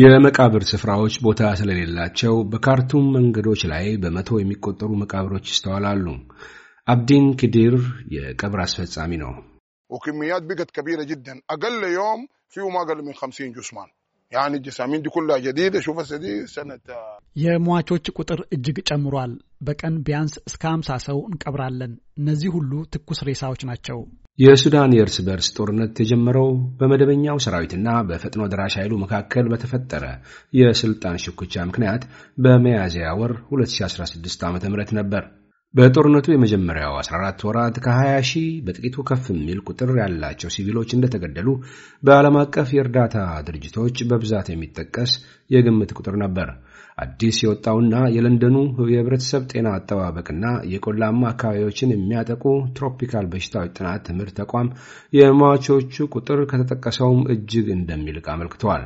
የመቃብር ስፍራዎች ቦታ ስለሌላቸው በካርቱም መንገዶች ላይ በመቶ የሚቆጠሩ መቃብሮች ይስተዋላሉ። አብዲን ክዲር የቀብር አስፈጻሚ ነው። ወክሚያት ቢቀት ከቢረ ጅደን አገለ ዮም ፊሁም አገል ሚን ከምሲን ጁስማን ያን ጅሳሚን ዲኩላ ጀዲድ ሹፈ ሰዲ ሰነት የሟቾች ቁጥር እጅግ ጨምሯል። በቀን ቢያንስ እስከ 50 ሰው እንቀብራለን። እነዚህ ሁሉ ትኩስ ሬሳዎች ናቸው። የሱዳን የእርስ በርስ ጦርነት የጀመረው በመደበኛው ሰራዊትና በፈጥኖ ደራሽ ኃይሉ መካከል በተፈጠረ የስልጣን ሽኩቻ ምክንያት በሚያዝያ ወር 2016 ዓ ም ነበር። በጦርነቱ የመጀመሪያው 14 ወራት ከ20 ሺህ በጥቂቱ ከፍ የሚል ቁጥር ያላቸው ሲቪሎች እንደተገደሉ በዓለም አቀፍ የእርዳታ ድርጅቶች በብዛት የሚጠቀስ የግምት ቁጥር ነበር። አዲስ የወጣውና የለንደኑ የህብረተሰብ ጤና አጠባበቅና የቆላማ አካባቢዎችን የሚያጠቁ ትሮፒካል በሽታዎች ጥናት ትምህርት ተቋም የሟቾቹ ቁጥር ከተጠቀሰውም እጅግ እንደሚልቅ አመልክተዋል።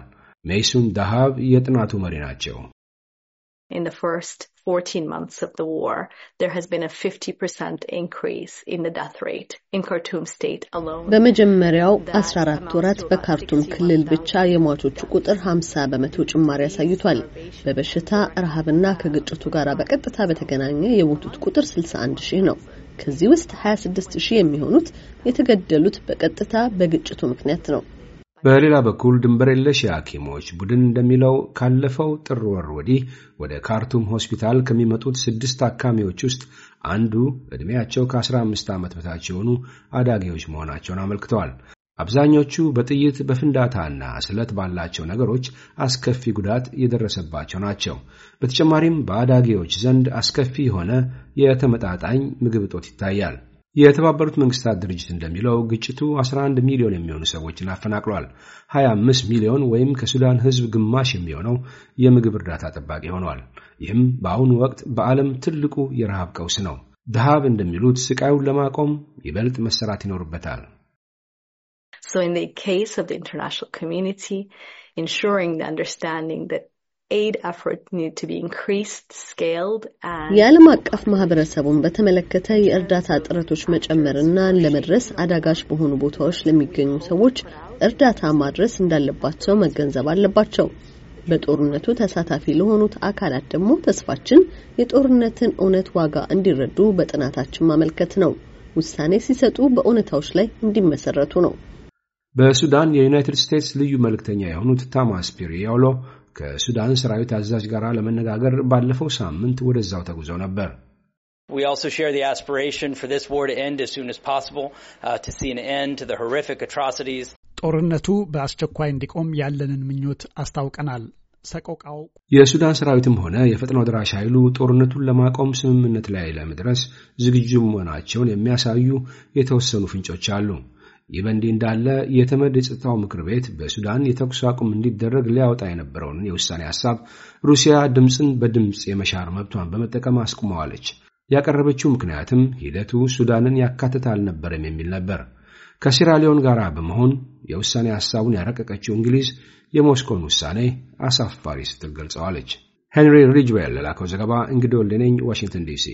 ሜይሱን ዳሃብ የጥናቱ መሪ ናቸው። in the first 14 months of the war, there has been a 50% increase in the death rate in Khartoum state alone. በመጀመሪያው 14 ወራት በካርቱም ክልል ብቻ የሟቾቹ ቁጥር 50 በመቶ ጭማሪ አሳይቷል። በበሽታ ረሃብና ከግጭቱ ጋር በቀጥታ በተገናኘ የሞቱት ቁጥር 61 ሺህ ነው። ከዚህ ውስጥ 26 ሺህ የሚሆኑት የተገደሉት በቀጥታ በግጭቱ ምክንያት ነው። በሌላ በኩል ድንበር የለሽ የሐኪሞች ቡድን እንደሚለው ካለፈው ጥር ወር ወዲህ ወደ ካርቱም ሆስፒታል ከሚመጡት ስድስት ታካሚዎች ውስጥ አንዱ ዕድሜያቸው ከ15 ዓመት በታች የሆኑ አዳጊዎች መሆናቸውን አመልክተዋል። አብዛኞቹ በጥይት በፍንዳታና ስለት ባላቸው ነገሮች አስከፊ ጉዳት የደረሰባቸው ናቸው። በተጨማሪም በአዳጊዎች ዘንድ አስከፊ የሆነ የተመጣጣኝ ምግብ እጦት ይታያል። የተባበሩት መንግስታት ድርጅት እንደሚለው ግጭቱ 11 ሚሊዮን የሚሆኑ ሰዎችን አፈናቅሏል። 25 ሚሊዮን ወይም ከሱዳን ሕዝብ ግማሽ የሚሆነው የምግብ እርዳታ ጠባቂ ሆኗል። ይህም በአሁኑ ወቅት በዓለም ትልቁ የረሃብ ቀውስ ነው። ድሃብ እንደሚሉት ስቃዩን ለማቆም ይበልጥ መሰራት ይኖርበታል። So in the case of the international community, ensuring the understanding that የዓለም አቀፍ ማህበረሰቡን በተመለከተ የእርዳታ ጥረቶች መጨመርና ለመድረስ አዳጋች በሆኑ ቦታዎች ለሚገኙ ሰዎች እርዳታ ማድረስ እንዳለባቸው መገንዘብ አለባቸው። በጦርነቱ ተሳታፊ ለሆኑት አካላት ደግሞ ተስፋችን የጦርነትን እውነት ዋጋ እንዲረዱ በጥናታችን ማመልከት ነው። ውሳኔ ሲሰጡ በእውነታዎች ላይ እንዲመሰረቱ ነው። በሱዳን የዩናይትድ ስቴትስ ልዩ መልእክተኛ የሆኑት ታማስ ፒሪ ያውሎ ከሱዳን ሰራዊት አዛዥ ጋር ለመነጋገር ባለፈው ሳምንት ወደዛው ተጉዘው ነበር። uh, ጦርነቱ በአስቸኳይ እንዲቆም ያለንን ምኞት አስታውቀናል። ሰቆቃው የሱዳን ሰራዊትም ሆነ የፈጥኖ ደራሽ ኃይሉ ጦርነቱን ለማቆም ስምምነት ላይ ለመድረስ ዝግጁ መሆናቸውን የሚያሳዩ የተወሰኑ ፍንጮች አሉ። ይህ በእንዲህ እንዳለ የተመድ የጸጥታው ምክር ቤት በሱዳን የተኩስ አቁም እንዲደረግ ሊያወጣ የነበረውን የውሳኔ ሀሳብ ሩሲያ ድምፅን በድምፅ የመሻር መብቷን በመጠቀም አስቁመዋለች። ያቀረበችው ምክንያትም ሂደቱ ሱዳንን ያካተተ አልነበረም የሚል ነበር። ከሲራሊዮን ጋር በመሆን የውሳኔ ሀሳቡን ያረቀቀችው እንግሊዝ የሞስኮን ውሳኔ አሳፋሪ ስትል ገልጸዋለች። ሄንሪ ሪጅዌል ለላከው ዘገባ እንግዶ ወልደነኝ ዋሽንግተን ዲሲ